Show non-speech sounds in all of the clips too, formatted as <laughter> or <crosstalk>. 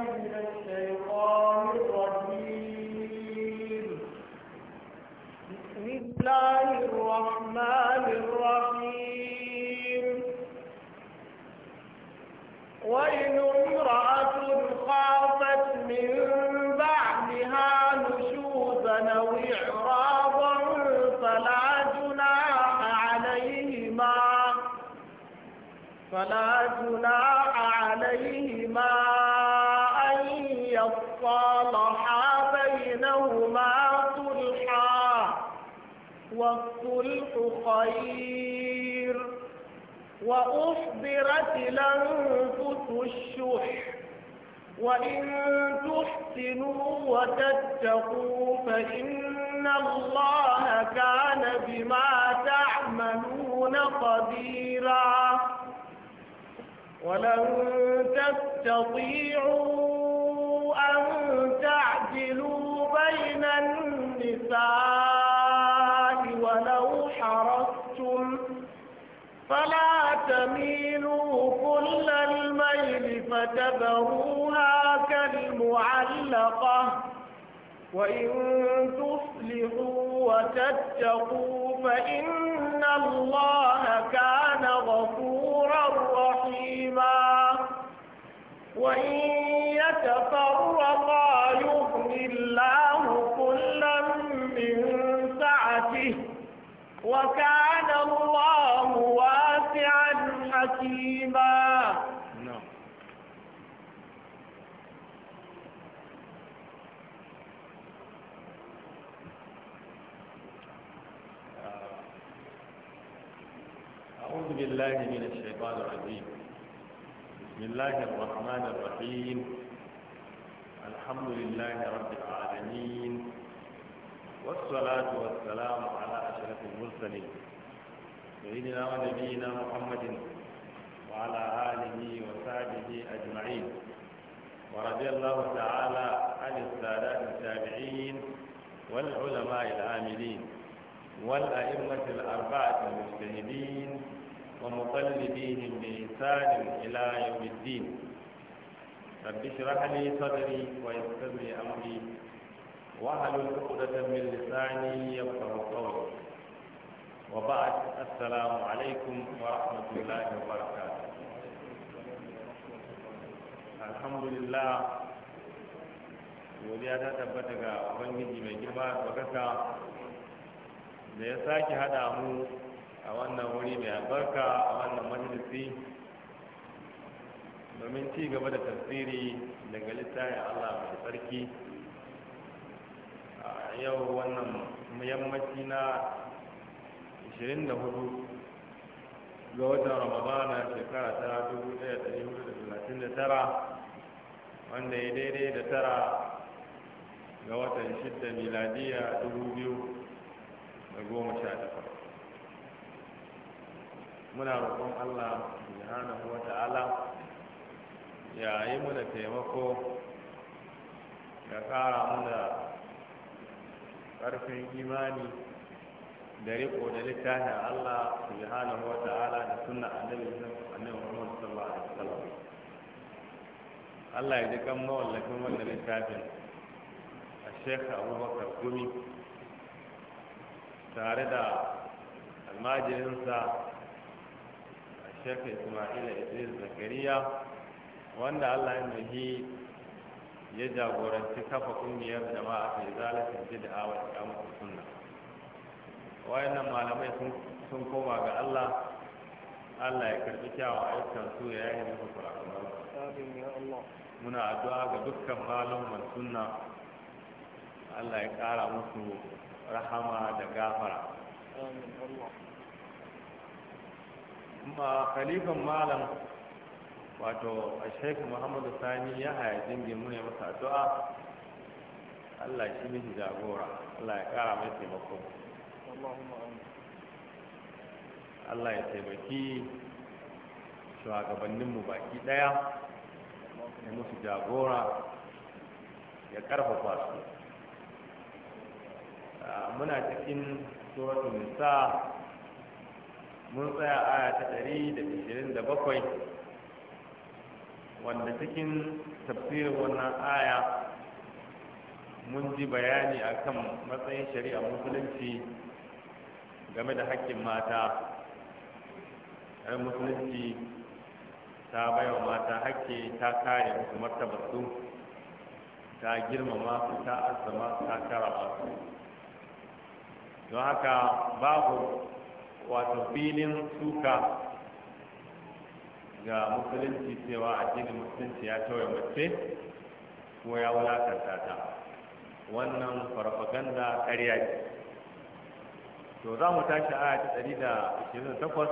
من الشيطان خير وأحضرت الأنفس الشح وإن تحسنوا وتتقوا فإن الله كان بما تعملون قديرا ولن تستطيعوا أن تعدلوا بين النساء فلا تميلوا كل الميل فتبروها كالمعلقة وإن تصلحوا وتتقوا فإن الله كان غفورا رحيما وإن يتفرقا يغني الله كلا من سعته وكان الله الرحمن الرحيم الحمد لله رب العالمين والصلاة والسلام على أشرف المرسلين سيدنا ونبينا محمد وعلى آله وصحبه أجمعين ورضي الله تعالى عن السادات التابعين والعلماء العاملين والأئمة الأربعة المجتهدين ومقلبيهم بإحسان إلى يوم الدين رب اشرح لي صدري ويسر لي أمري واحلل عقدة من لساني يفقه قولي وبعد السلام عليكم ورحمة الله وبركاته الحمد لله godiya ta tabbata ga ubangiji mai girma da da ya sake hada mu a wannan wuri mai albarka a wannan majalisi domin ci gaba da tafsiri daga littafin Allah mai tsarki a yau wannan yammaci na 24 ga watan ramadana shekara ta 1439 wanda ya daidai da tara ga watan 6 miladiya 2018 muna roƙon Allah subhanahu wa ta'ala ya yi muna taimako ya ƙara muna ƙarfin imani da riko da littafin Allah subhanahu wa ta'ala da sunna annabi annabi sallallahu alaihi wasallam Allah ya ji kan mawallafin wannan littafin a shekaru Abubakar Gumi tare da almajirinsa shekka ismaila idris zakariya wanda allah ya nuhi ya jagoranci kafa kungiyar jama'a ta izalatin bid'a wa iqamatu sunna wayannan malamai sun koma ga allah allah ya karbi kyawun ayyukan su ya yi musu kurakuran muna addu'a ga dukkan malaman sunna allah ya kara musu rahama da gafara khalifan malam wato a shaifu muhammadu sani ya haya jingin mune masa addu'a allah shi mishi jagora allah ya kara mai taimako allah ya taimaki shugabanninmu baki daya ya musu jagora ya karfafa su ah, muna cikin suratul nisa mun tsaya aya ta ɗari da ishirin da bakwai wanda cikin tafsirin wannan aya mun ji bayani akan matsayin shari'a musulunci game da hakkin mata ɗan musulunci ta baiwa mata haƙƙi ta kare musu martabarsu ta girmama su ta azama ta karama su don haka babu wato filin suka ga musulunci cewa addinin musulunci ya tauye mace ko ya wulakanta ta wannan farfaganda ƙarya ce to za mu tashi a takwas,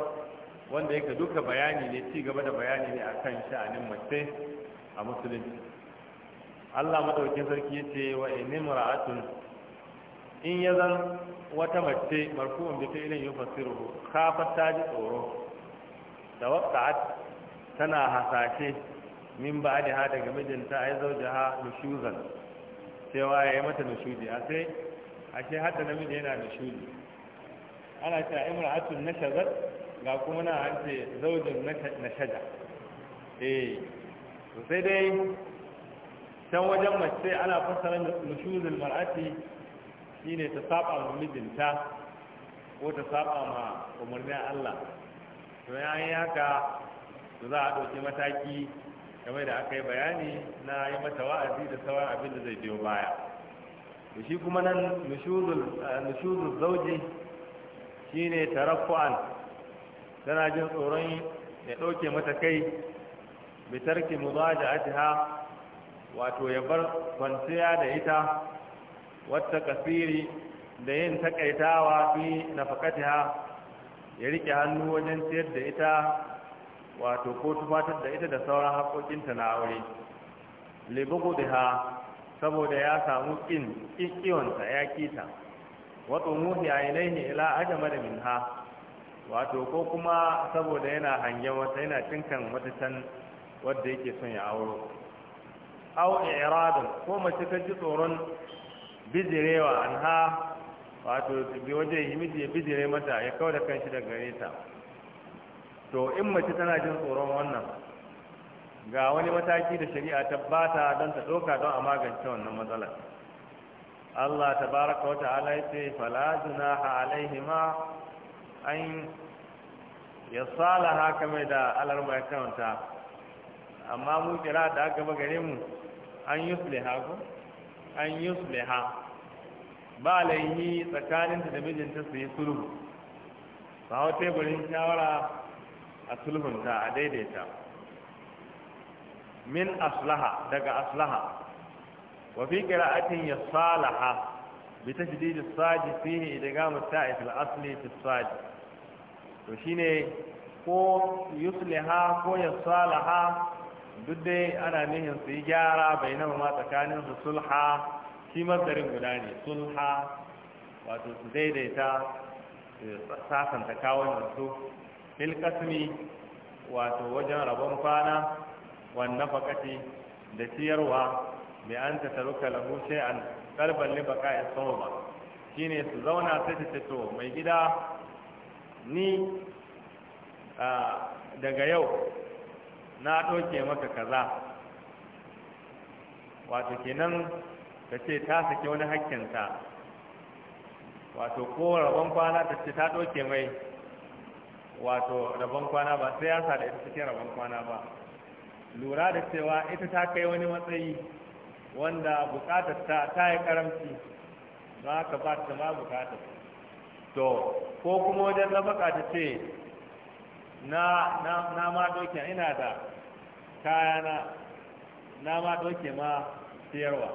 wanda yake duka bayani ne ci gaba da bayani ne a kan sha'anin mace a musulunci Allah Maɗaukin sarki yace wa in imra'atun in ya zan wata mace marfu'un bi fi'lin yufassiruhu kafar ta ji tsoro da waqa'at tana hasashe min ba'daha daga mijinta ay zawjaha nushuzan cewa ya yi mata nushudi a sai ashe hadda namiji yana nushudi ana cewa na shazar ga kuma na an ce zaujin shaja eh to sai dai can wajen mace ana fassara nushuzul mar'ati shine ta saba ma mijinta ko ta saba ma umarnin Allah to yi haka to za a ɗauki mataki game da aka yi bayani na yi mata wa'azi da sauran abin da zai biyo baya to shi kuma nan nushuzul zauji shine tarakku'an tana jin tsoron ya ɗauke mata kai bitarki mudaja'atiha wato ya bar kwanciya da ita wata kasiri da yin takaitawa fi nafakatiha ya rike hannu wajen ciyar da ita wato ko tufatar da ita da sauran haƙoƙinta na aure libugu ha saboda ya samu ƙin ƙiwonta ya kita wato muhi a ilaihi ila ajama da minha wato ko kuma saboda yana hangen wata yana cinkan wata can wadda yake son ya auro au iradun ko mace ta ji tsoron bijirewa an ha wato bi wajen himiji ya bijire mata ya kawo da kanshi da gare ta to in mace tana jin tsoron wannan ga wani mataki da shari'a ta bata don ta ɗauka don a magance wannan matsalar Allah ta baraka wa ta'ala ya ce fala junaha alaihima an ya kamar da alarma ya kanta amma mu kira da aka gare mu an yusliha ko an yusliha ba laihi tsakaninta da mijinta su yi sulhu ba wa teburin shawara a sulhunta a daidaita min aslaha daga aslaha wa fi qira'atin yasalaha bi tashdid as-sadi fihi idgham at-ta'i asli fi as-sadi to shine ko yusliha ko yasalaha duk dai ana nihin su yi gyara bai nama ma tsakanin su sulha shi masarin guda ne sulha wato su daidaita eh, sasanta kawon su fil wato wajen rabon kwana wannan fakati da ciyarwa mai an ta taruka lahu an kalban liba baka ya ba Shi ne su zauna sai ta to mai gida ni ah, daga yau na ɗauke maka kaza wato kenan ta ce ta sake wani hakkinta wato ko rabon kwana ta ce ta ɗauke mai wato rabon kwana ba sai ya sa da ita cikin rabon kwana ba lura da cewa ita ta kai wani matsayi wanda bukatar ta ta yi karamci don haka ba ta ma bukatar to ko kuma wajen na ta ce na na na ma doke ina da kayana na ma doke ma siyarwa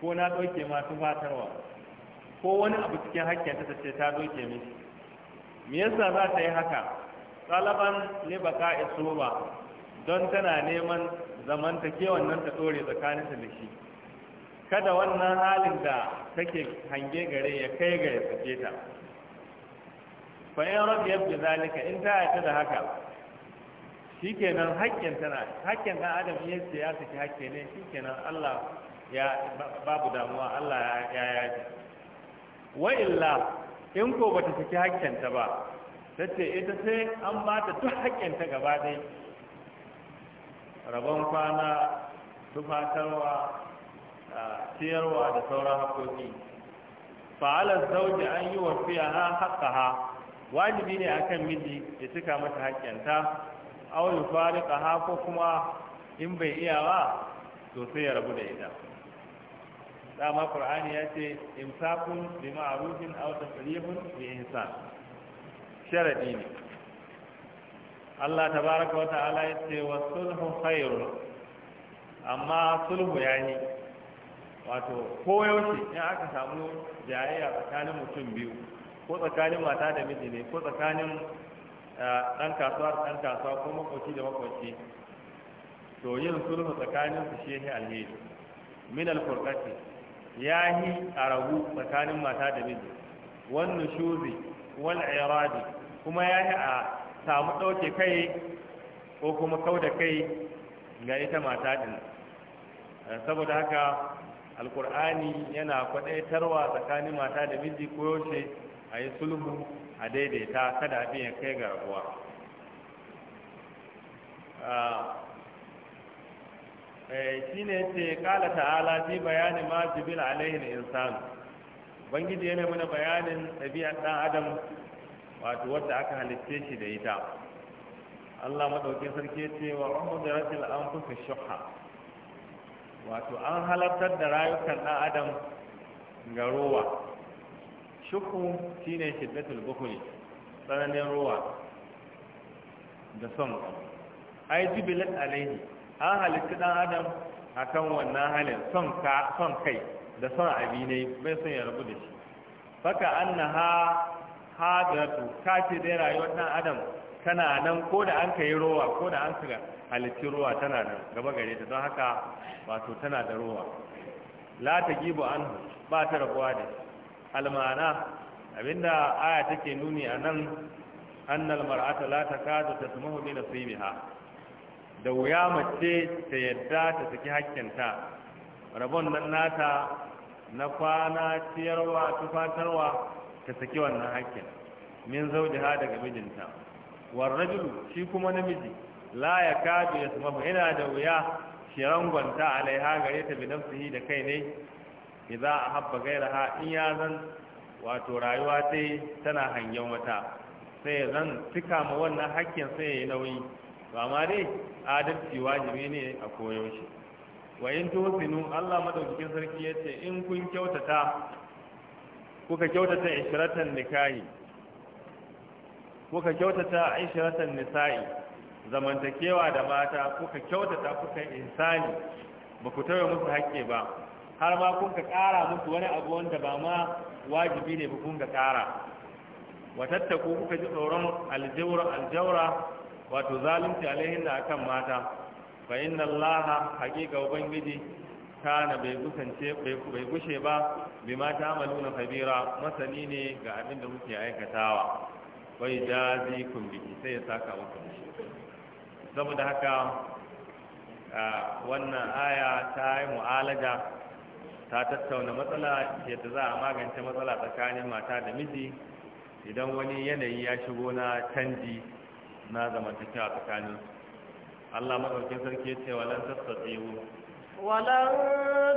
ko na doke ma tufatarwa ko wani abu cikin hakkin ta ce ta doke mishi me yasa za ta yi haka talaban libaka isuba don tana neman ke wannan ta dore tsakaninta da shi kada wannan halin da take hange gare ya kai ga ya ta fa in rabbiya bi zalika in ta yarda da haka shikenan haƙƙin tana dan adam ne sai ya saki haƙƙi ne shikenan Allah ya babu damuwa Allah ya ya wa illa in ko bata saki haƙƙin ta ba tace ita sai an ba ta duk haƙƙin ta gaba ɗaya rabon kwana tufatarwa ciyarwa da sauran haƙoƙi fa'alar zauji an yi wa fiya ha haƙa ha wajibi ne akan miji ya cika mata haƙƙinta aw fari ha ko kuma in bai iya ba to sai ya rabu da ita dama qur'ani ya ce imsakun bi ma'rufin aw tasrihun bi ihsan sharadi ne Allah tabaraka wa ta'ala ya ce wa sulhu khairun amma sulhu yayi wato koyaushe in aka samu jayayya tsakanin mutum biyu ko tsakanin mata da miji ne ko tsakanin ɗan kasuwa da ɗan kasuwa ko makwaci da makwaci to yin sulhu tsakanin su shi ne alheri min alfurqati ya yi a rabu tsakanin mata da miji wan nushuzi wal iradi kuma ya yi a samu ɗauke kai ko kuma kau da kai ga ita mata din saboda haka alkur'ani yana kwaɗaitarwa tsakanin mata da miji ko yaushe a yi sulhu a daidaita kada abin ya kai ga rabuwa ah, eh, shi ne ce kala ta'ala fi bayanin ma jibil alaihin insan bangiji yana mana bayanin ɗabi'ar ɗan adam wato wadda aka halitte shi da ita Allah maɗauki sarki ce wa umudaratil anfusu shuha wato an halartar da rayukan ɗan adam ga rowa shi ne shiddatul bukuli tsananin ruwa da son ai jibilat alaihi an halitta ɗan adam akan wannan halin son ka son kai da son abi ne bai son ya rabu da shi faka annaha ka ce dai rayuwar ɗan adam tana nan ko da an kai ruwa ko da an ka halitti ruwa tana nan gaba gare ta don haka wato tana da ruwa la ta gibu an ba ta rabuwa da shi almana abinda aya take nuni a nan annal mar'ata la takadu tasmahu bi nasibiha da wuya mace ta yadda ta saki hakkinta rabon nan nata na kwana ciyarwa tufatarwa ta saki wannan hakkin min ha daga mijinta war rajulu shi kuma namiji la yakadu yasmahu ina da wuya shi rangonta alaiha gare ta bi nafsihi da kai ne idza ahabba gairaha in ya zan wato rayuwa ta tana hangen wata sai zan cika ma wannan hakkin sai yayi nauyi to amma dai adalci wajibi ne a koyaushe wa in tusinu Allah madaukakin sarki yace in kun kyautata kuka kyautata ishratan nikahi kuka kyautata ishratan nisa'i zamantakewa da mata kuka kyautata kuka insani ba ku tawaye musu hakke ba har ma kun ka ƙara musu wani abu wanda ba ma wajibi ne ba kun ka ƙara wa tattaku kuka ji tsoron aljawra aljawra wato zalunci alaihin da akan mata fa inna allaha haqiqa ubangiji kana bai gusance bai gushe ba bima ta'maluna kabira masani ne ga abin da muke aikatawa bai jazi kun biki sai ya saka muku saboda haka wannan aya ta yi mu'alaja ta tattauna matsala yadda za a magance matsala tsakanin mata da miji idan wani yanayi ya shigo na canji na zamantakewa tsakanin Allah madaukin sarki ce "Wa walan tastati'u walan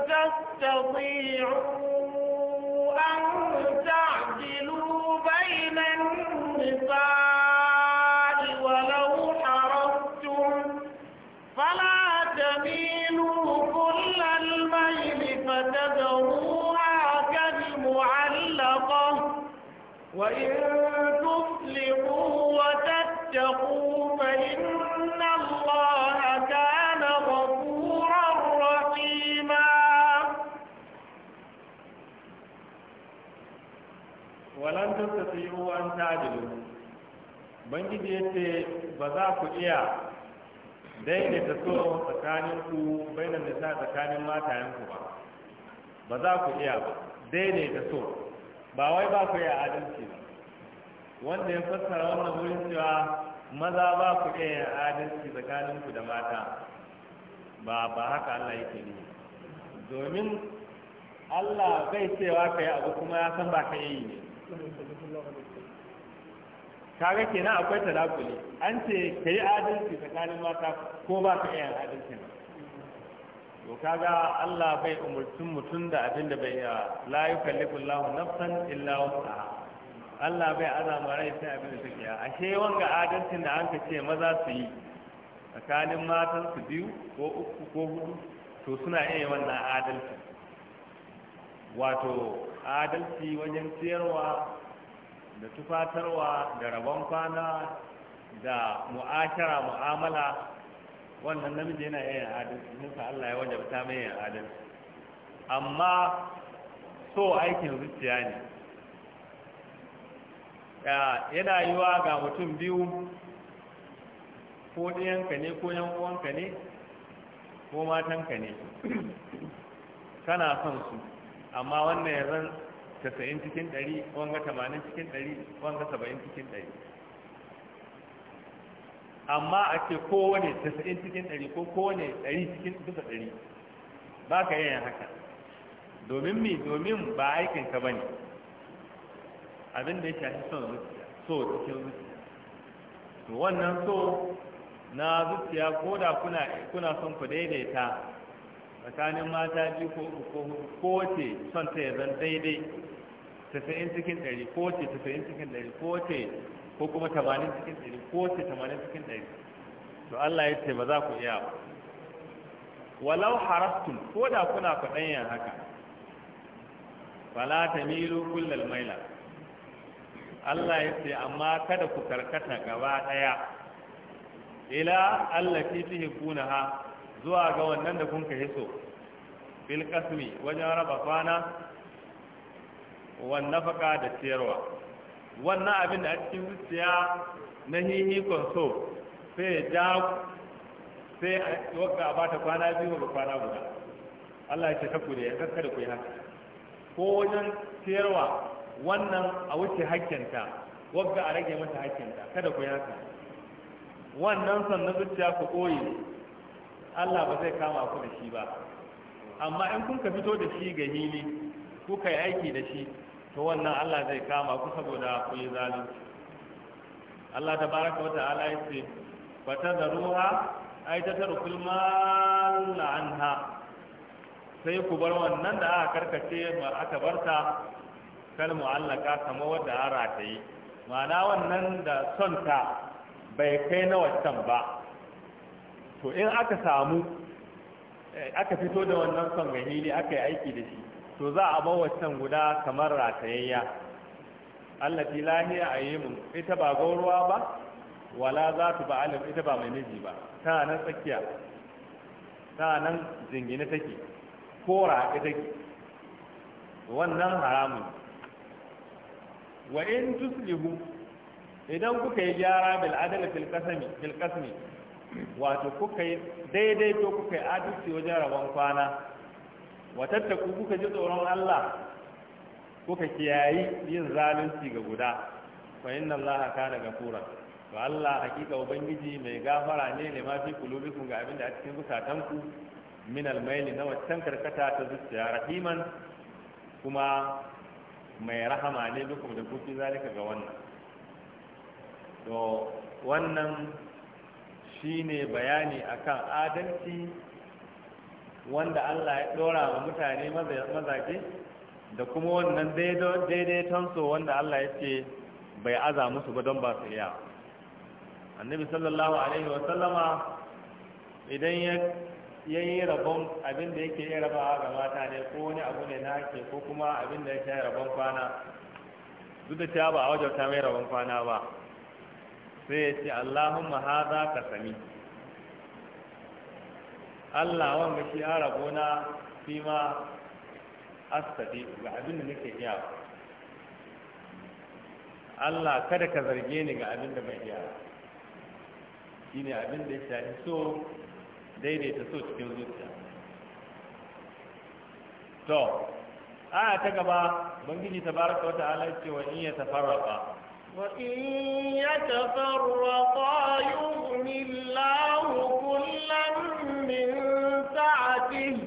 tastati'u an ta'dilu bainan nisa ta yi tastati'u an ne. bangiji ya ce ba za ku iya daidaita so tsakanin ku da nisa tsakanin matayen ku ba ba za ku iya ba daidaita so ba wai ba ku iya adalci ba wanda ya fassara wannan wurin cewa maza ba ku iya adalci tsakanin ku da mata ba ba haka Allah yake ne domin Allah bai cewa ka yi abu kuma ya san ba ka yi ne kaga kenan akwai talakuli an ce ka yi adalci tsakanin mata ko ba ka iya adalci ba to kaga Allah bai umurtun mutum da abin da bai yawa ah, la yukallifu Allahu nafsan illa wus'aha Allah bai azama rai sai abin da take ya ashe wanga adalcin da anka ce maza su yi tsakanin matan su biyu ko uku ko hudu to suna iya wannan adalci wato adalci wajen siyarwa da tufatarwa da rabon kwana da mu'ashara mu'amala wannan namiji yana yin adalci nufa Allah ya wajen ta mai yin adalci amma so aikin zuciya ne yana yiwa ga mutum biyu ko ɗiyanka ne ko yan uwanka ne ko matanka ne kana son su amma wannan ya zan tasayin cikin ɗari wanga tamanin cikin ɗari wanga saba'in cikin ɗari amma a ce kowane tasayin cikin ɗari ko kowane ɗari cikin duka ɗari ba ka yi haka domin mi domin ba aikin ka bane abin da ya shafi son zuciya so cikin zuciya to wannan so na zuciya ko da kuna son ku daidaita tsakanin mata biyu ko uku ko ce son ta ya zan daidai tasa'in cikin ɗari kowace tasa'in cikin ɗari ce ko kuma tamanin cikin ɗari ce tamanin cikin ɗari to Allah ya ce ba za ku iya ba walau harastun ko da kuna kwaɗanyan haka fala ta milo kullal maila Allah ya ce amma kada ku karkata gaba ɗaya ila Allah fi tuhibbuna ha zuwa ga wannan da kun kai so bil kasmi wajen raba kwana wannan nafaka da ciyarwa wannan abin da a cikin zuciya na kun so sai ja sai wagga a bata kwana biyu ga kwana guda Allah ya ce taku da ya kaskar ku yi haka ko wajen ciyarwa wannan a wuce hakkinta wanda a rage mata hakkinta kada ku yi haka wannan sannan zuciya ku koyi Allah ba zai kama ku da shi ba amma in kun ka fito da shi ga hili kuka yi aiki da shi to wannan Allah zai kama ku saboda ku yi zalunci Allah ta baraka wata ala ya ce ba ta da ruwa yi ta anha sai ku bar wannan da aka karkace ma aka barta kal mu'allaka kamar wadda an rataye ma'ana wannan da son ta bai kai na wancan ba to in aka samu eh, aka fito da wannan son gani ne aka yi aiki da shi to za a ba wancan guda kamar ratayayya allati lahiya a yi mun ita ba gauruwa ba wala za ta ba alim ita ba mai miji ba tana nan tsakiya tana nan zingine take kora ita take wannan haramun wa in tuslihu idan kuka yi gyara bil adala fil qasmi fil qasmi wato kuka yi daidai to kuka yi adalci wajen rabon kwana ku kuka ji tsoron Allah kuka kiyayi yin zalunci ga guda fa inna Allah daga fura to Allah hakika ubangiji mai gafara ne ne ma fi kulubikum ga abinda a cikin ku min almaili na waccan karkata ta zuciya rahiman kuma mai rahama ne duk da kufi zalika ga wannan to wannan shine bayani akan adalci wanda Allah ya ɗora wa mutane mazaje da kuma wannan daidaitonsu wanda Allah ya ce bai aza musu ba don ba su iya annabi sallallahu alaihi wasallama idan ya yi rabon abin da yake yi raba ga mata ne ko wani abu ne na ke ko kuma abin da yake rabon kwana duk da cewa ba a wajen ta mai rabon kwana ba sai ya ce Allahumma haza ka sami Allah wanda shi ya rabu na fi ma astadi ga abin da nake iya Allah kada ka zarge ni ga abin da bai iya shi ne abin da ya shafi so daidaita so cikin zuciya to aya ta gaba bangiji baraka wata ala ce wa in ya tafarraka وإن يتفرقا يغن الله كلا من سعته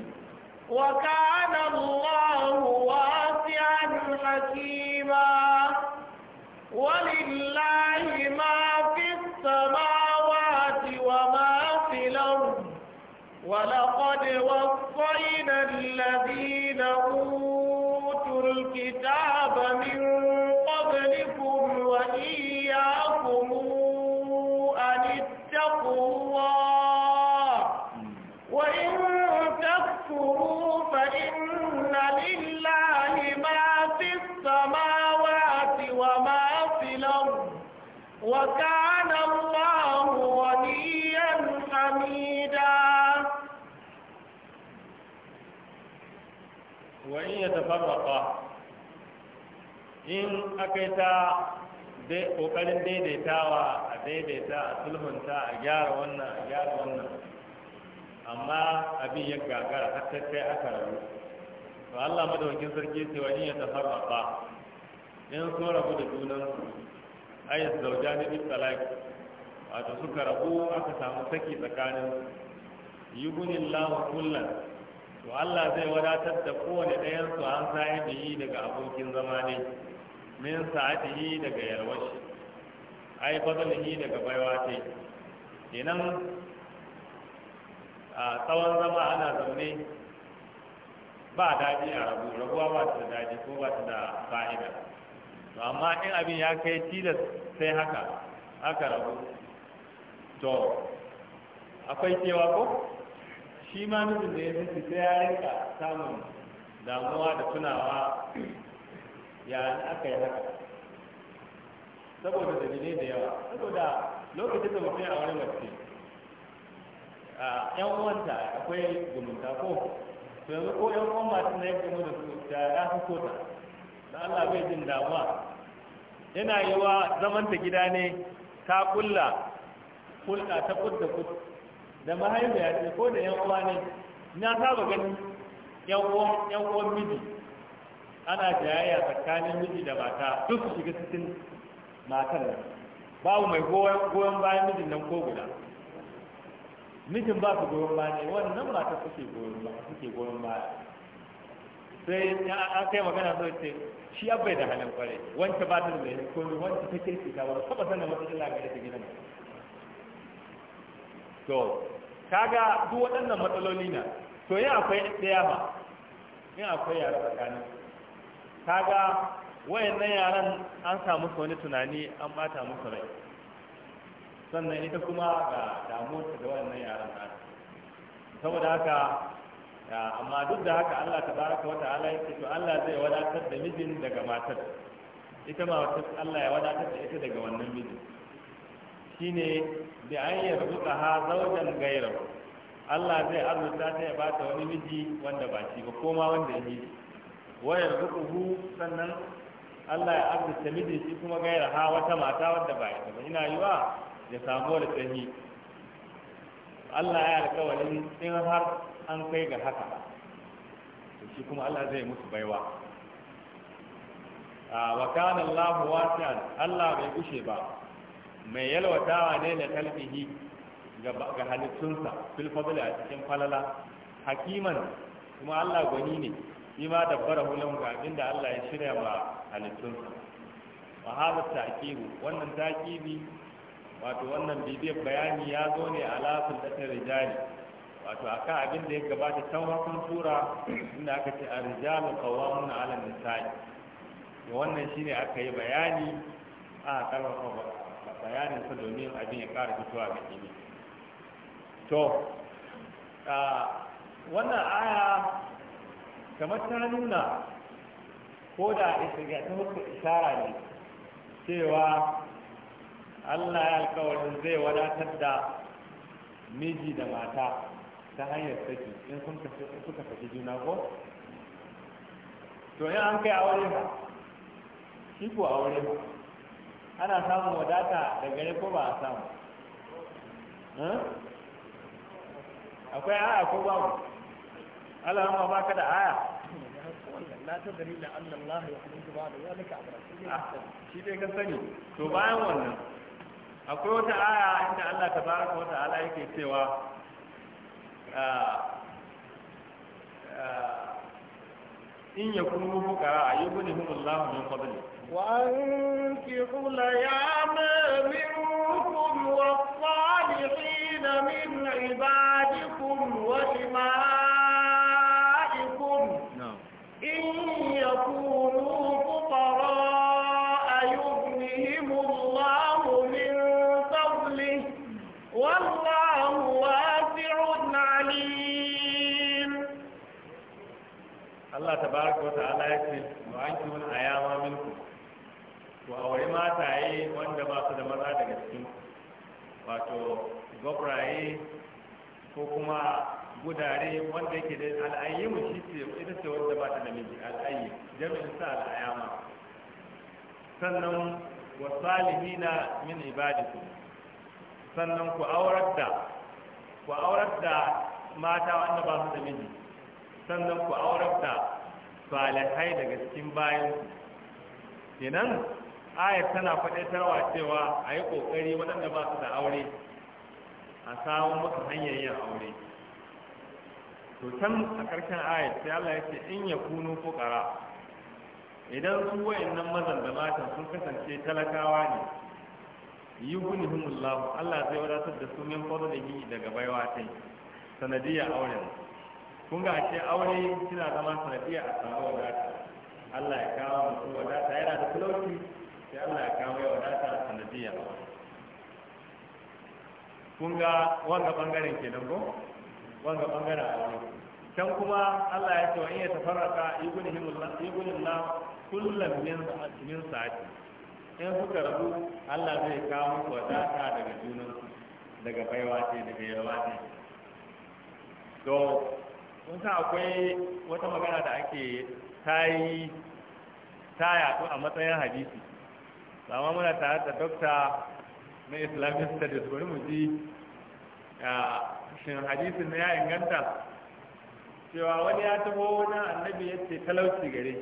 وكان الله واسعا حكيما ولله tafarraqa in akai ta kokarin daidaitawa a daidaita a sulhunta a gyara wannan a gyara wannan amma abin ya gagara har ta kai aka rabu to Allah madaukakin sarki ce wani ya tafarraqa in so rabu da junan ayat zaujani bi talaq wato suka rabu aka samu saki tsakanin yughnillahu kullum. to Allah zai wadatar da kowane ɗayan su an yi daga abokin zama ne min yi daga yalwashi ai yi daga baiwa ce. kenan a tsawon zama ana zaune ba daji a rabu rabuwa ba ta da ko ba ta da fa'ida to amma in abin ya kai tilas sai haka haka rabu to akwai cewa ko shi ma nufin da ya fi sai ya rinka samun damuwa da tunawa ya aka yi haka saboda dalilai da yawa saboda lokacin da mutum a wani mace a yan uwanta akwai gumunta ko yanzu ko yan uwan masu na yankin da su da ya fi kota da Allah bai jin damuwa yana yi wa zamanta gida ne ta kulla kulla ta kudda kudda da ya ce ko da yan uwa ne na saba ganin yan uwan yan miji ana jayayya tsakanin miji da mata duk su shiga cikin matar nan babu mai goyon bayan mijin nan ko guda mijin ba su goyon baya ne wannan mata suke goyon baya suke goyon baya sai an kai magana so ce shi abai da halin kwarai wancan ba ta da mai komi wancan ta kirki ta wani saba sanin wata illa ga ta gina to kaga duk waɗannan matsaloli na to yin akwai ɗaya ba yin akwai yara tsakanin kaga wayannan yaran an samu su wani tunani an bata musu rai sannan ita kuma ga damuwa da wayannan yaran Ta saboda haka amma duk da haka Allah ta baraka wata ala yake to Allah zai wadatar da mijin daga matar ita ma wata Allah ya wadatar da ita daga wannan mijin shine bi an rubuta ha zaujan gairahu Allah zai arzuta ta ya bata wani miji wanda ba shi ba koma wanda ya yi wa hu sannan Allah ya arzuta miji shi kuma gaira ha wata mata wadda ba ita ba ina yi wa ya samu da tsayi Allah ya alƙawarin in har an kai ga haka shi kuma Allah zai musu baiwa ah, wa kana Allah wasi'an Allah bai kushe ba mai yalwatawa ne da kalfihi ga halittunsa filfabila a cikin falala hakiman kuma Allah gwani ne shi ma dabbara hulun ga abinda Allah ya shirya ba halittunsa wa hada takiru wannan bi? wato wannan bidiyar bayani ya zo ne a lafin da rijali wato a kan abin da ya gabata can farkon tura inda aka ce a kawo kawamun ala nisa'i wannan shine aka yi bayani a karfafa bayanin sa domin abin ya kara fitowa ga gini to wannan aya kamar ta nuna ko da ta muku isara ne cewa allah ya alkawarin zai wadatar da miji da mata ta hanyar saki in suka saki juna ko to in an kai aure ba shi ko aure ba ana samun wadata da gare ko ba a samu akwai aya ko mu Allah ma baka da aya la ta dalila anna Allah ya hukunta ba da zalika abra ah, shi dai ka sani to bayan wannan akwai wata aya inda Allah tabaraka wa ta'ala yake cewa ah, ah, إن يكونوا فقراء يغنهم الله من فضله وأنكحوا الأيام منكم والصالحين من عبادكم وإمامكم Allah tabaraka wa ta'ala ya ce wa anki wani ayama minku ku aure mataye wanda ba su da maza daga cikin wato gwabraye ko kuma gudare wanda yake da al'ayyi mu shi ce ita ce wanda ba ta da miji al'ayyi jami'in sa al'ayama sannan wa salihina min ibadikum sannan ku aurar da ku aurar da mata wanda ba su da miji sannan ku aurar da salihai daga cikin bayan kenan ayat tana faɗaitarwa cewa a yi ƙoƙari waɗanda ba su da aure a samu maka hanyar yin aure to can a ƙarshen ayat sai Allah ya ce in ya kunu ƙara. idan su wayannan mazan da matan sun kasance talakawa ne yughnihumullahu Allah zai wadatar da su min fadlihi daga baiwa tai sanadiyar auren kun ga ce aure suna zama sanadiyya a samu wadata Allah ya kawo mutum wadata yana da talauci sai Allah ya kawo ya wadata a sanadiyya kun ga wanga bangaren kenan ko wanga bangaren aure can kuma Allah ya ce wa in ya tafarraka yugunin na kullum min sati? in suka rabu Allah zai kawo musu wadata daga junan daga baiwa ce daga yawa ce to kun san akwai wata magana da ake tayi taya a matsayin hadisi amma muna tare da dokta na islamic studies bari mu ji shin hadisin na ya inganta cewa wani ya tabo wani annabi ya ce talauci gare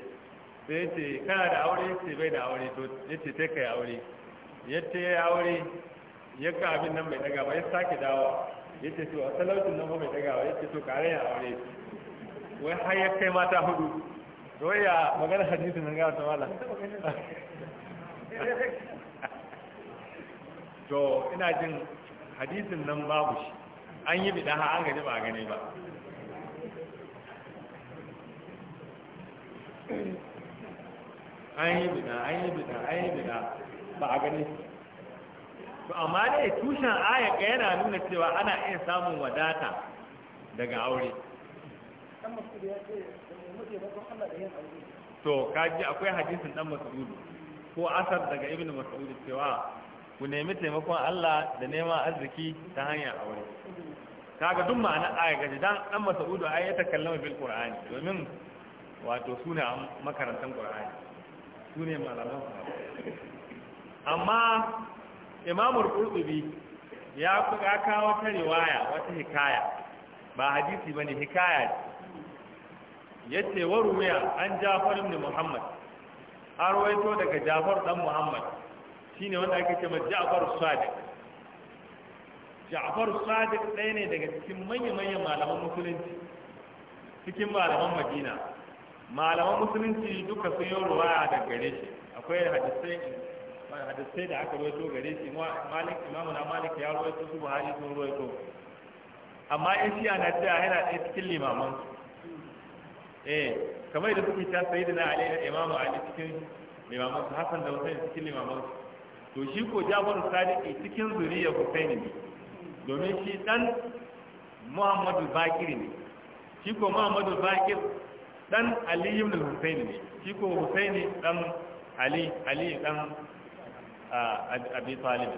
sai ya ce kana da aure ya ce bai da aure to ya ce sai kai aure ya ce ya aure ya ka abin nan bai daga ba ya sake dawo yace to talaucin nan bai daga ba yace to kare ya aure wai har ya kai hudu to ya magana hadisi nan ga ta mala <laughs> to ina jin hadisin nan babu shi an yi bida ha an gaji ba gane ba an yi bida an yi bida an yi bida ba a gane to amma dai tushen aya ga yana nuna cewa ana iya samun wadata daga aure to kaji akwai hadisin dan mas'udu ko asar daga ibn mas'ud cewa ku nemi taimakon Allah da neman arziki ta hanyar aure kaga duk ma'ana aya gaji dan dan mas'udu ai ya takallama bil qur'ani domin wato suna makarantan qur'ani sune malaman amma imamul qurtubi ya kuka kawo ta riwaya wata hikaya ba hadisi bane hikaya yace wa ruwiya an Jafar ibn Muhammad har waito daga Jafar dan Muhammad shine wanda ake cewa Ja'far Sadiq Ja'far Sadiq ɗaya ne daga cikin manya-manyan malaman musulunci cikin malaman Madina malaman musulunci duka sun yi ruwaya daga gare shi akwai hadisai hadisai da aka rawaito gare shi malik imamu na malik ya rawaito su buhari sun rawaito amma in shi ana cewa yana ɗaya cikin limaman eh kamar yadda suke ta sayi da na ali da imamu ali cikin limaman su hasan da husaini cikin limaman su to shi ko jabar sadiki cikin zuriya husaini ne domin shi dan muhammadu bakiri ne shi ko muhammadu bakir dan ali ibn husaini ne shi ko husaini dan ali ali dan abi talib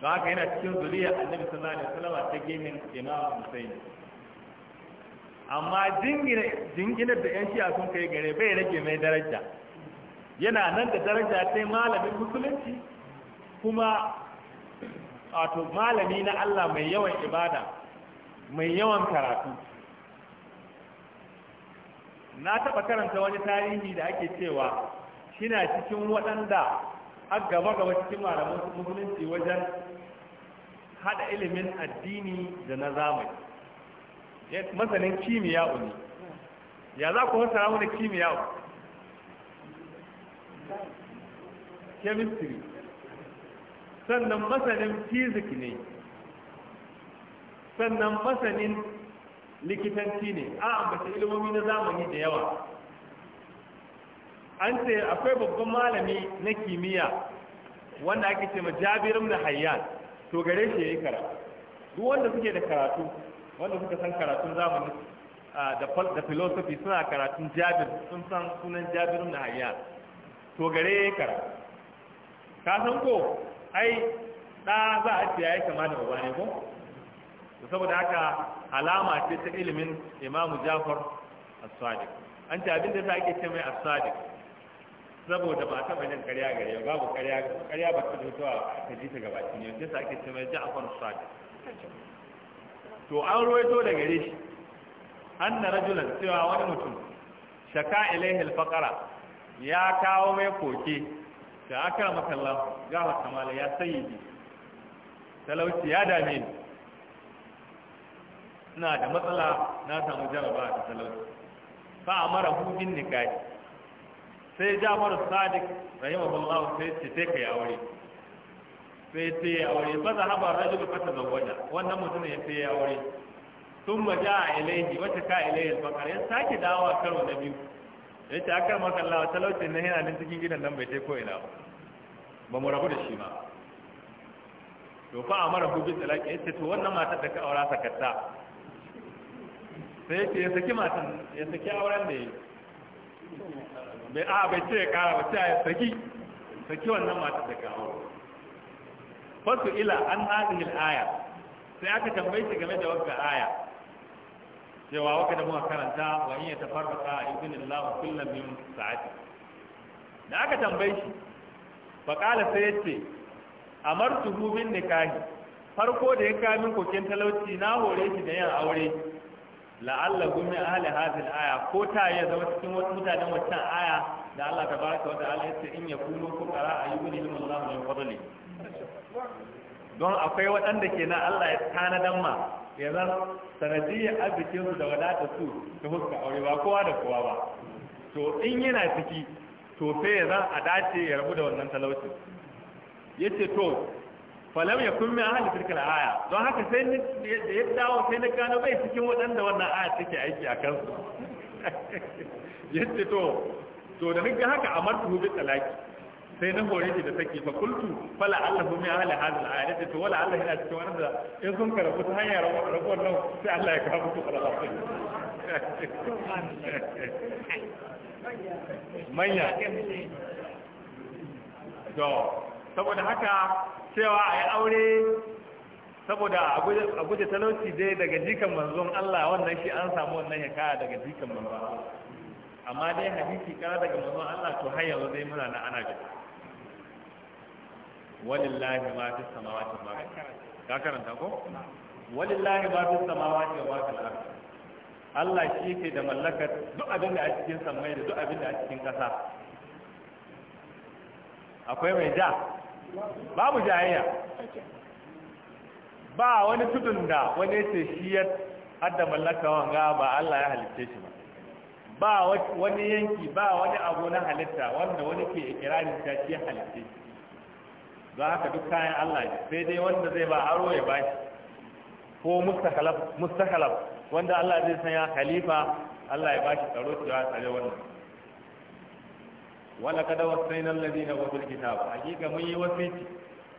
don haka yana cikin zuriya annabi sallallahu alaihi wasallam ta gemin imam husaini amma jinginar da yan shi'a sun kai gare bai rage mai daraja yana nan da daraja sai malamin musulunci kuma wato malami na Allah mai yawan ibada mai yawan karatu na taɓa karanta wani tarihi da ake cewa shina cikin waɗanda a gaba gaba cikin malaman musulunci wajen hada ilimin addini da na zamani masanin kimiyya ne ya za ku hasara wani kimiyya chemistry sannan masanin fizik ne sannan masanin likitanci ne a ambaci ilimomi na zamani da yawa an ce akwai babban malami na kimiyya wanda ake ce ma Jabir ibn Hayyan to gare shi yayi karatu duk wanda suke da karatu wanda suka san karatun zamani da da philosophy suna karatun Jabir sun san sunan Jabir ibn Hayyan to gare yayi karatu ka san ko ai da za a ce yayi kama da babane ko. ko saboda haka alama ce ta ilimin Imamu Jafar as-Sadiq an ce abin da yasa ake ce mai as-Sadiq saboda ba taɓa jin karya gare yau babu karya ƙarya ba ta zuwa ta ji ta gabaci ne sai sake ce mai ja'far sadi to an ruwaito da gare shi anna rajulan cewa wani mutum shaka ilaihi alfaqara ya kawo mai koke da aka maka Allah gafa kamala ya sayyidi talauci ya dame ni ina da matsala na samu jaraba da talauci fa amara hu bin nikahi sai jafar sadiq rahimahullahu sai ce sai kai aure sai ce ya aure fa zahaba rajul fa tazawwaja wannan mutum ya sai ya aure thumma jaa a wa wata ka al-faqar ya sake dawowa karo na biyu ce akan maka Allah talaucin nan yana nan cikin gidan nan bai sai ko ina ba mu rabu da shi ba to fa amara hu bi ya ce to wannan matar da ka aura sakatta sai ce ya saki matan ya saki auren da yi bai a bai ce ya kara ba sai ya saki saki wannan matar da kawo fasu ila an haɗin yin aya sai aka tambayi shi game da wannan aya cewa waka da muka karanta wa in yatafarraqa idinillahu kullum min sa'ati da aka tambayi shi sai qala sai yace amartuhu bin nikahi farko da ya kamin kokin talauci na hore shi da yin aure la'alla gumi ahli hadhihi aya ko ta ya zama cikin wasu mutanen wancan aya da Allah tabaraka wa ta'ala yace in yakunu fuqara ayyuhum Allahu min fadli don akwai waɗanda ke na Allah ya tanadan ma ya zan sanadiyyar arzikin su da wadata su ta huska aure ba kowa da kowa ba to in yana ciki to sai ya zan a dace ya rabu da wannan talauci yace to falam ya kun min ahli tilkal aya don haka sai ni da ya dawo sai na gano bai cikin waɗanda wannan aya take aiki a kansu yace to to da nika haka amartu bi talaki sai na hore shi da saki fa kultu fala allahu min ahli hadhihi aya yace to wala allah yana cikin wanda in sun karabu ta hanyar rabuwar nan sai Allah ya kawo muku karabu manya to saboda haka cewa a yi aure saboda a guje talauci dai daga jikan manzon Allah wannan shi an samu wannan ya kaya daga jikan manzon amma dai hadisi kara daga manzon Allah to har yanzu dai muna na ana ga walillahi ma fi samawati ba. ma ka karanta ko walillahi ma fi samawati wa fil ardh Allah shi ke da mallakar duk abin da a cikin samai da duk abin da a cikin kasa akwai mai ja babu jayayya ba wani tudun da wani ce shi ya adda mallaka wanga ba Allah ya halitta shi ba ba wani yanki ba wani abu na halitta wanda wani ke ikirarin ta shi halitta shi don haka duk kayan Allah ne sai dai wanda zai ba aro ya ba shi ko mustakhalaf mustakhalaf wanda Allah zai sanya khalifa Allah ya ba shi tsaro cewa tsare wannan wala kada wasaina alladina wa bil kitab hakika mun yi wasiti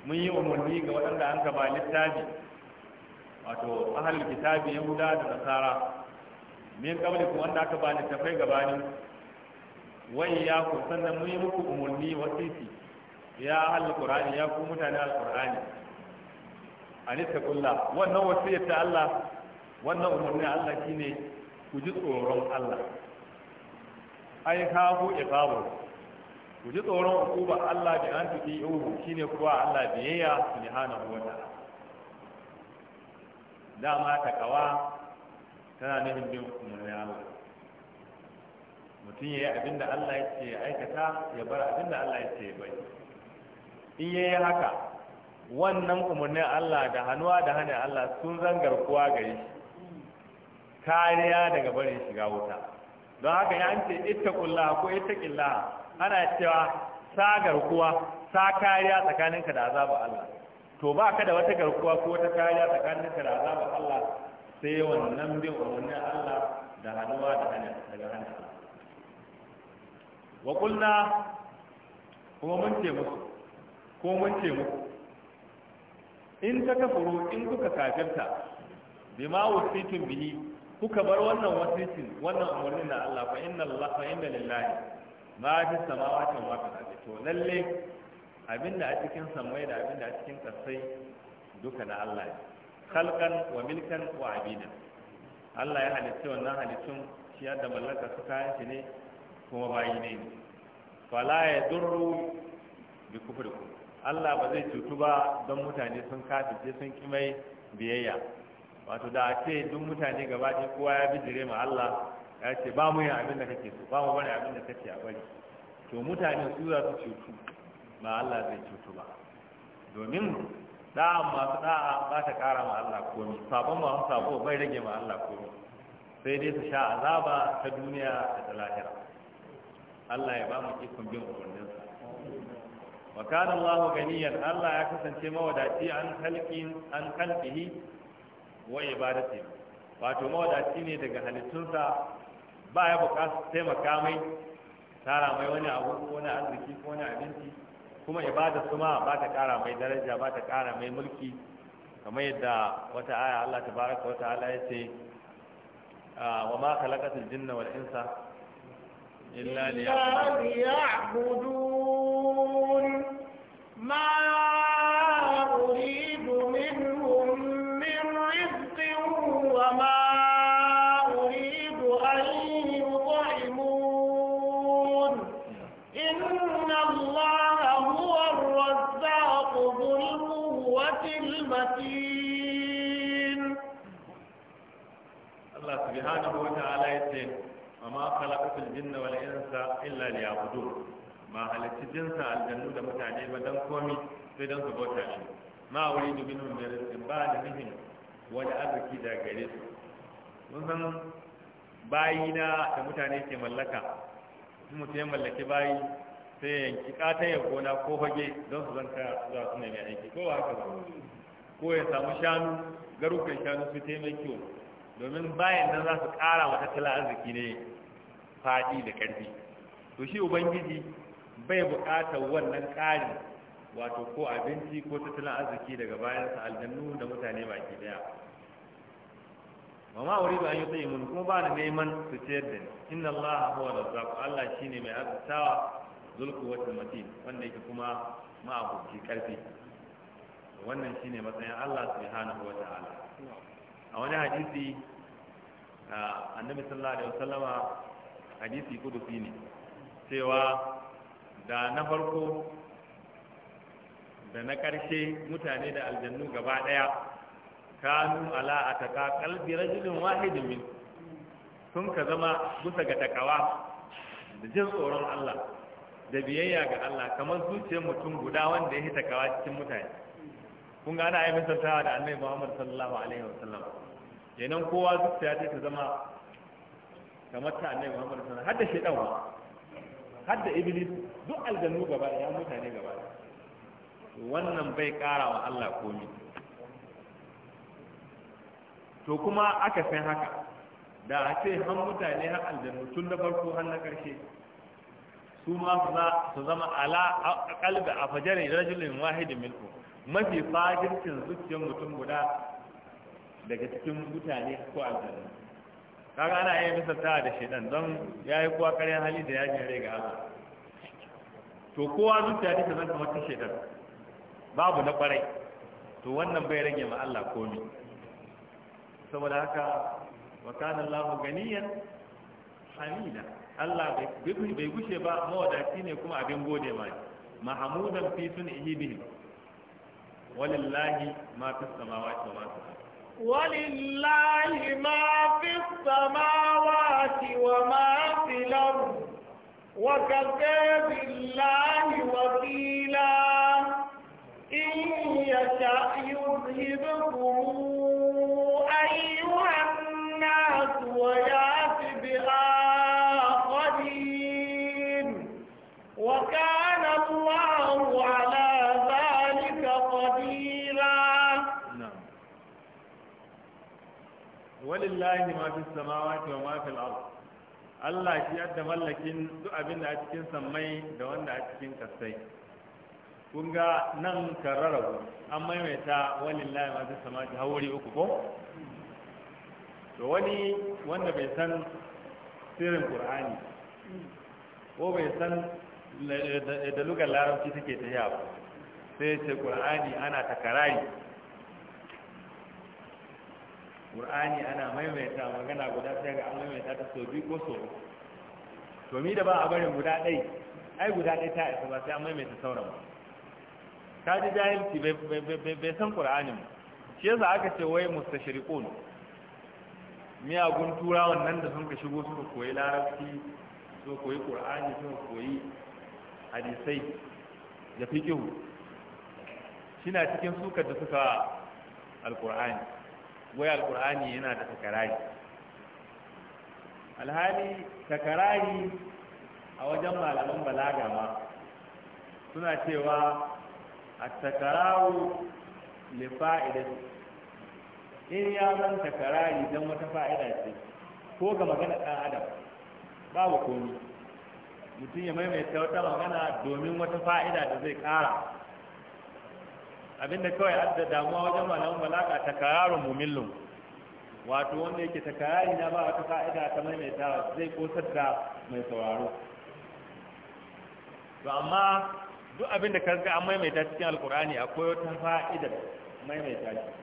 mun yi umarni ga waɗanda an ba littafi wato ahlul kitabi yahuda da nasara min kabli kuma wanda aka ba littafai gabanin wai ya ku sannan mun yi muku umarni wasiti ya ahlul qur'ani ya ku mutane alqur'ani kulla, wannan wasiyata Allah wannan umarni Allah shine ku ji tsoron Allah ai kafu ibabu ku ji tsoron hukuma Allah bi an tuki ihu shine kuwa Allah biyayya subhanahu wa ta'ala dama takawa tana nufin bin umarnin Allah mutum ya yi abin da Allah ya ce aikata ya bar abin da Allah ya ce ya bari in ya yi haka wannan umarnin Allah da hannuwa da hannun Allah sun zangar kuwa ga shi kariya daga barin shiga wuta don haka ya ce ce ittaqullaha ko ittaqillaha ana cewa sa garkuwa sa kariya tsakaninka da azabar Allah to ba ka da wata garkuwa ko wata kariya tsakaninka da azabar Allah sai wannan bin umarnin Allah da hannuwa da hannun daga hannun wa kulna kuma mun ce musu ko mun ce muku in ta kafuru in kuka kafirta ma wasitin bihi kuka bar wannan wasitin wannan umarnin da Allah fa inna Allah fa inna lillahi ma fi samawa wa ma fi to lalle abinda a cikin samai da abinda a cikin kasai duka na Allah ne khalqan wa milkan wa abidan Allah ya halitta wannan halittun shi yadda mallaka su kayan shi ne kuma bayi ne fala ya durru bi kufrikum Allah ba zai cutu ba don mutane sun kafice sun kimai biyayya wato da a ce duk mutane gaba ɗaya kowa ya bijire ma Allah ya ce ba mu yin abin da kake so ba mu bari abin da kake a bari to mutane su za su cutu ba Allah zai cutu ba domin da'a masu da'a ba ta kara ma Allah komi sabon masu sabo bai rage ma Allah komi sai dai su sha azaba ta duniya da ta lahira Allah ya ba mu ikon bin umarninsa wa kana Allahu ganiyan Allah ya kasance mawadaci an khalqin an khalqihi wa ibadatihi wato mawadaci ne daga halittunsa ba ya bukatar taimaka mai tara mai wani abu ko wani arziki ko wani abinci kuma ibada su ma ba ta kara mai daraja ba ta kara mai mulki kamar yadda wata aya Allah tabaraka wa ta'ala ya ce ah, wa ma al jinna wal insa illa liya'budun ma خلقت الجن والانس الا illa ما خلقت halarci jinsa aljannu da mutane ba dan komi sai dan su bauta shi ma wuri da minhum min ba da mihin wani arziki da gare su san bayina da mutane ke mallaka su mutum ya mallaki bayi sai yanki kata ya gona ko fage don su zanka za su nemi aiki ko haka ba ko ya samu shanu garukan shanu su taimaki domin bayan nan za su kara wa tattalin arziki ne faɗi da ƙarfi to shi ubangiji bai buƙatar wannan ƙari wato ko abinci ko tattalin arziki daga bayansa aljannu da mutane baki daya mama wuri ba yi tsaye mun kuma ba da neman su ciyar da ni inna allaha huwa razzaq allah shine mai arzikawa zulku wata matin wanda yake kuma ma'abuci karfi wannan shine matsayin allah subhanahu wata'ala a wani hadisi annabi sallallahu alaihi wasallama hadisi kudusi ne cewa da na farko da na ƙarshe mutane da aljannu gaba ɗaya kanu ala a taƙa ƙalbi rajulin wahidin min sun ka zama bisa ga takawa da jin tsoron Allah da biyayya ga Allah kamar zuciyar mutum guda wanda ya yi takawa cikin mutane kun ga ana yi misaltawa da annabi Muhammad sallallahu alaihi wasallam kenan kowa zuciya ta zama kamar ta annabi Muhammad sallallahu alaihi wasallam hadda da shedan hadda iblis duk aljannu gaba ya mutane gaba wannan bai kara wa Allah komi to kuma aka san haka da a ce han mutane har aljannu tun da farko har na karshe su ma su zama ala kalbi a fajarin rajulin wahidin milku mafi fajircin zuciyar mutum guda daga cikin mutane ko aljannu kaga ana iya misalta da shaidan don ya yi kowa karyar hali da ya jere ga Allah to kowa zuciya ta zan kamar ta shaidan babu na kwarai to wannan bai rage ma Allah komi saboda haka wa kana Allah ganiyan hamida Allah bai gushe ba mawadaci ne kuma abin gode ma mahamudan fi sun ihibihim walillahi ma fi samawati wa ma fi ولله ما في السماوات وما في الأرض وكفى بالله وكيلا إن يشاء يذهبكم lillahi ma fi samawati wa ma fil ard Allah shi yadda mallakin duk abin da a cikin sammai da wanda a cikin kasai kun ga nan ku an maimaita walillahi ma fi samawati hawari uku ko to wani wanda bai san sirrin qur'ani ko bai san da lugar larabci take ta ba, sai ce qur'ani ana takarari Ƙur'ani ana maimaita magana guda sai ga an maimaita ta so biyu ko so to mi da ba a barin guda ɗai ai guda ɗai ta isa ba sai an maimaita sauran ba ta ji jahilci bai san qur'anin shi yasa aka ce wai mustashriqun miyagun turawan nan da sun ka shigo suka koyi larabci suka koyi ƙur'ani suka koyi hadisai da fiqhu na cikin sukar da suka Alƙur'ani. wai alkur'ani yana da takarari alhali takarari a wajen malaman balaga ma suna cewa a mai fa’idar in ya zan takarari don wata fa'ida ce ko ga magana ɗan adam babu komi mutum ya maimaita wata magana domin wata fa'ida da zai ƙara abinda kawai adda damuwa wajen malamin ta kararun mumillun wato wanda yake ta karari na ba ta fa'ida ta maimaita zai kosar da mai sauraro to amma duk abinda ka ga an maimaita cikin alkur'ani akwai wata fa'ida maimaita shi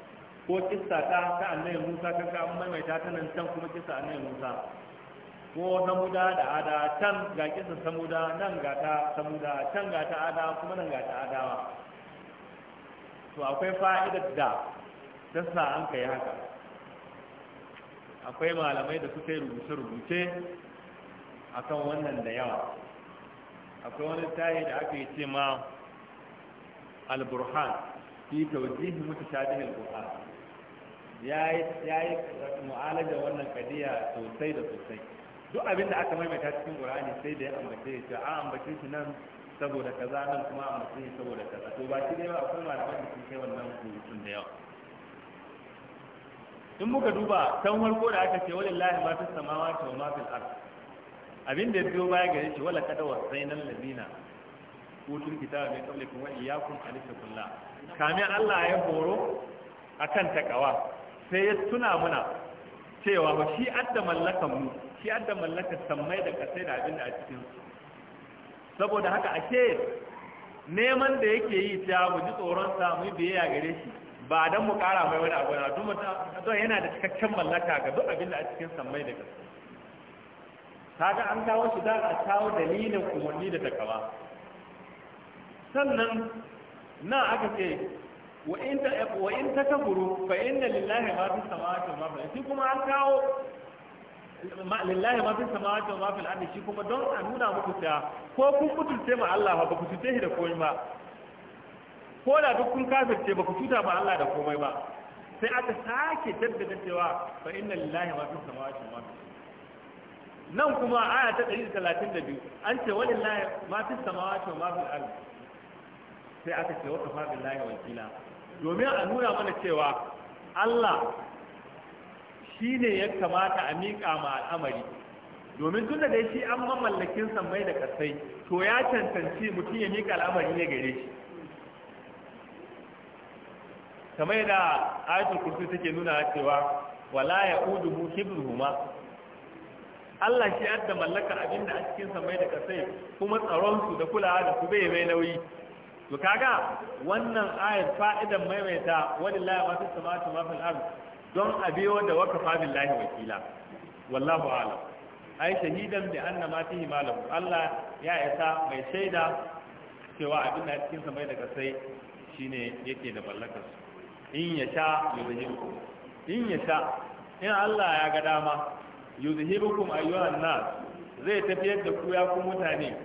ko kista ta ta annabi Musa ka ga an maimaita ta nan can kuma kissa annabi Musa ko samuda da ada can ga kista samuda nan ga ta samuda can ga ta ada kuma nan ga ta adawa to akwai fa'idar da ta sa an kai haka akwai malamai da suka yi rubuce-rubuce a kan wannan da yawa akwai wani tayi da aka yi ce ma al-burhan fi tawjihi mutashabih al-qur'an Ya yi mu'alaja wannan kadiya sosai da sosai duk abin da aka maimaita cikin ne, sai da ya ambace shi a ambace shi nan saboda kaza nan kuma a mutum saboda kaza to ba shi ne ba akwai malaman da sun kai wannan rubutun da yawa in muka duba tan farko da aka ce lahi ma fis samawati wa ma fil ard abin da biyo baya gare shi wala kada wa zainal ladina utul kitaba min qablikum wa iyyakum an taqulla kamin Allah ya horo akan takawa sai ya tuna muna cewa ba shi adda mallakan mu shi adda mallakan sammai da kasai da abin da a cikin su saboda haka ashe neman da yake yi ta mu ji tsoron sa mu biyayya gare shi ba dan mu kara mai wani abu na duma don yana da cikakken mallaka ga duk abin da a cikin sammai da gaske kaga an kawo shi da a kawo dalilin umarni da takawa sannan na aka ce wa in ta kafuru fa inna lillahi ma fi samawati wa ma fi kuma an kawo lillahi ma fi samawati wa ma fil ardi shi kuma don a nuna muku ta ko kun mutunce ma Allah ba ku cuce shi da komai ba ko da duk kun kafirce ba ku cuta ma Allah da komai ba sai aka sake jaddada cewa fa inna lillahi ma fi samawati wa ma fil nan kuma aya ta 132 an ce walillahi ma fi samawati wa ma fil ardi sai aka ce wa kafa billahi wakila domin a nuna mana cewa Allah shi ne ya kamata a miƙa ma al'amari domin tun da dai shi an mamallakin mai da kasai to ya cancanci mutum ya miƙa al'amari ne gare shi kamar yadda ayatul kursi take nuna cewa wala ya udu Allah shi adda mallakar abin a cikin samai da kasai kuma tsaron su da kulawa da su bai mai nauyi to kaga wannan ayar fa'idan maimaita walillahi ma fi samawati ma fil ardh don a biyo da wata fabin lahi wakila wallahu ala ai shahidan da anna ma fihi malam Allah ya isa mai shaida cewa abin da cikin sa mai daga sai shine yake da mallakar su in ya sha in ya sha in Allah ya ga dama yuzhibukum ayyuhan nas zai tafiyar da ku ya ku mutane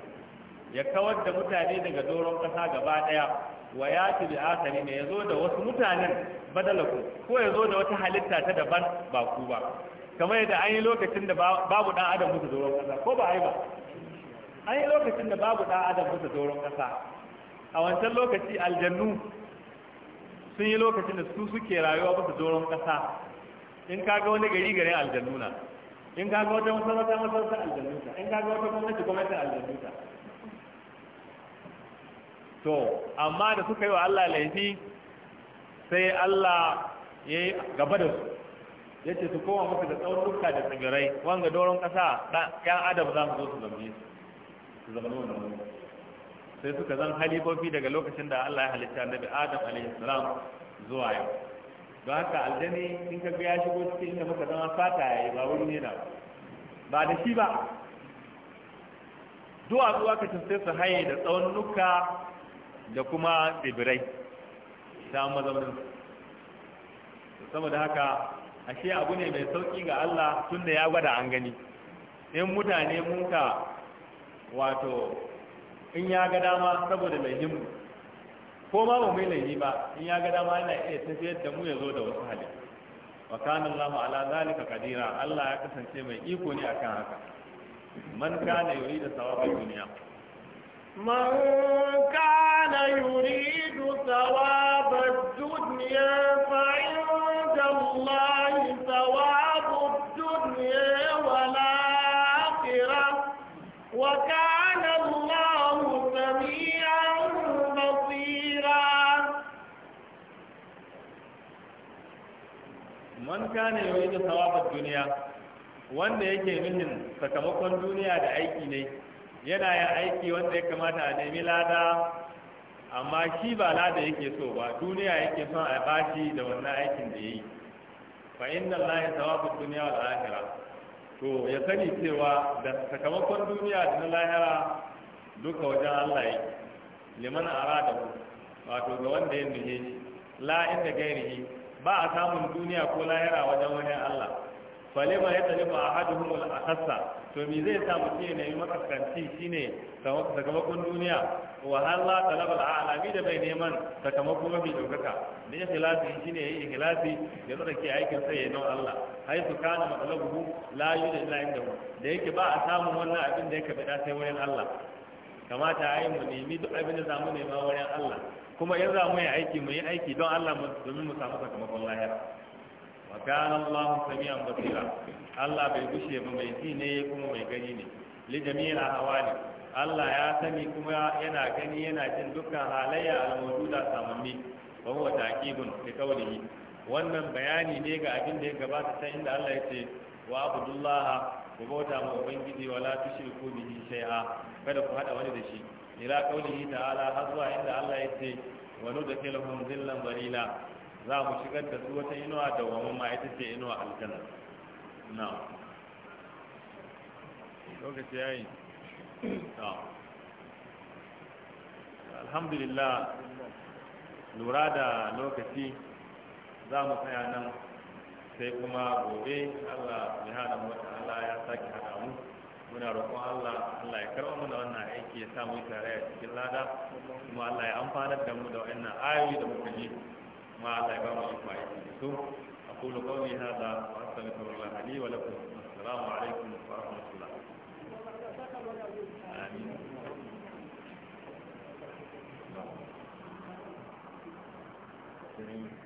ya kawar da mutane daga doron kasa gaba daya wa ya ci bi akari ne ya zo da wasu mutanen badalaku ko ya zo da wata halitta ta daban ba ku ba kamar yadda an yi lokacin da babu dan adam musu doron kasa ko ba ai ba an yi lokacin da babu dan adam musu doron kasa a wancan lokaci aljannu sun yi lokacin da su suke rayuwa musu doron kasa in ka ga wani gari garin aljannu na in ga wata masarauta masarautar aljannu ta in ga wata gwamnati gwamnatin aljannu ta to amma da suka yi wa Allah laifi sai Allah ya yi gaba da su ya ce su koma musu da tsawon dukka da tsibirai wanga doron ƙasa 'yan adam za mu zo su zambi su zama nuna sai suka zan halifofi daga lokacin da Allah ya halitta annabi Adam alaihi zuwa yau don haka aljani in ka ga ya shigo cikin inda muka zama fata yi ba wuri ne da ba da shi ba duwatsu aka ce sai su haye da tsawon nuka da kuma tsibirai ta mazaunin su. saboda haka ashe abu ne mai sauƙi ga Allah tun da ya gwada an gani in mutane mun ka wato in ya ga dama saboda mai himu ko ma ba mai laifi ba in ya ga dama yana iya tafiyar da mu ya zo da wasu hali wa kana Allahu ala zalika qadira Allah ya kasance mai iko ne akan haka man kana yuri da sawabin duniya man kana كان يريد ثواب الدنيا فعند الله ثواب الدنيا wanda yake nufin sakamakon duniya da aiki ne yana yin aiki wanda ya kamata a nemi lada amma shi ba da yake so ba duniya yake son a bashi da wannan aikin da yayi fa inna allaha thawabu dunya wal akhirah to ya sani cewa da sakamakon duniya da na lahira duka wajen Allah yake liman arada ku wato ga wanda ya nuhe shi la inda gairihi ba a samun duniya ko lahira wajen wani Allah falima ya talifa ahaduhum al-akhassa to me zai sa mutum ya nemi matsakaici shine sakamakon duniya wahala talabar alami da bai neman sakamakon mafi ɗaukaka da ya filafi shi ne ya yi filafi ya zara ke aikin sai ya nau Allah hai su kana matsalabu layu da ila inda da yake ba a samun wannan abin da ya kaɓe sai wurin Allah kamata a yi mu nemi duk abin da za mu nema wurin Allah kuma in za mu yi aiki mu yi aiki don Allah domin mu samu sakamakon lahira wa kana Allah basira Allah bai gushe ba mai ji ne kuma mai gani ne li Hawa ne. Allah ya sani kuma yana gani yana jin dukkan halayya al-mawjuda samanni wa huwa taqibun li qawlihi wannan bayani ne ga abin da ya gabata ta inda Allah ya ce wa abudullaha ku bauta ma ubangiji wala tushriku bihi shay'a kada ku hada wani da shi ila qawlihi ta'ala har zuwa inda Allah ya ce wa nudkhiluhum dhillan dhalila za mu shigar da su wata inuwa da wani ma ita ce inuwa aljanna na lokaci yayi alhamdulillah lura da lokaci za mu tsaya nan sai kuma gobe Allah ya hada mu Allah ya saki hada mu muna roƙon Allah Allah ya karɓa mu mana wannan aiki ya sa samu tare a cikin lada kuma Allah ya amfanar da mu da wannan ayoyi da muka ji ما الله يبارك فيكم عيدكم أقول قولي هذا وأستغفر الله لي ولكم السلام عليكم ورحمة الله آمين Thank you.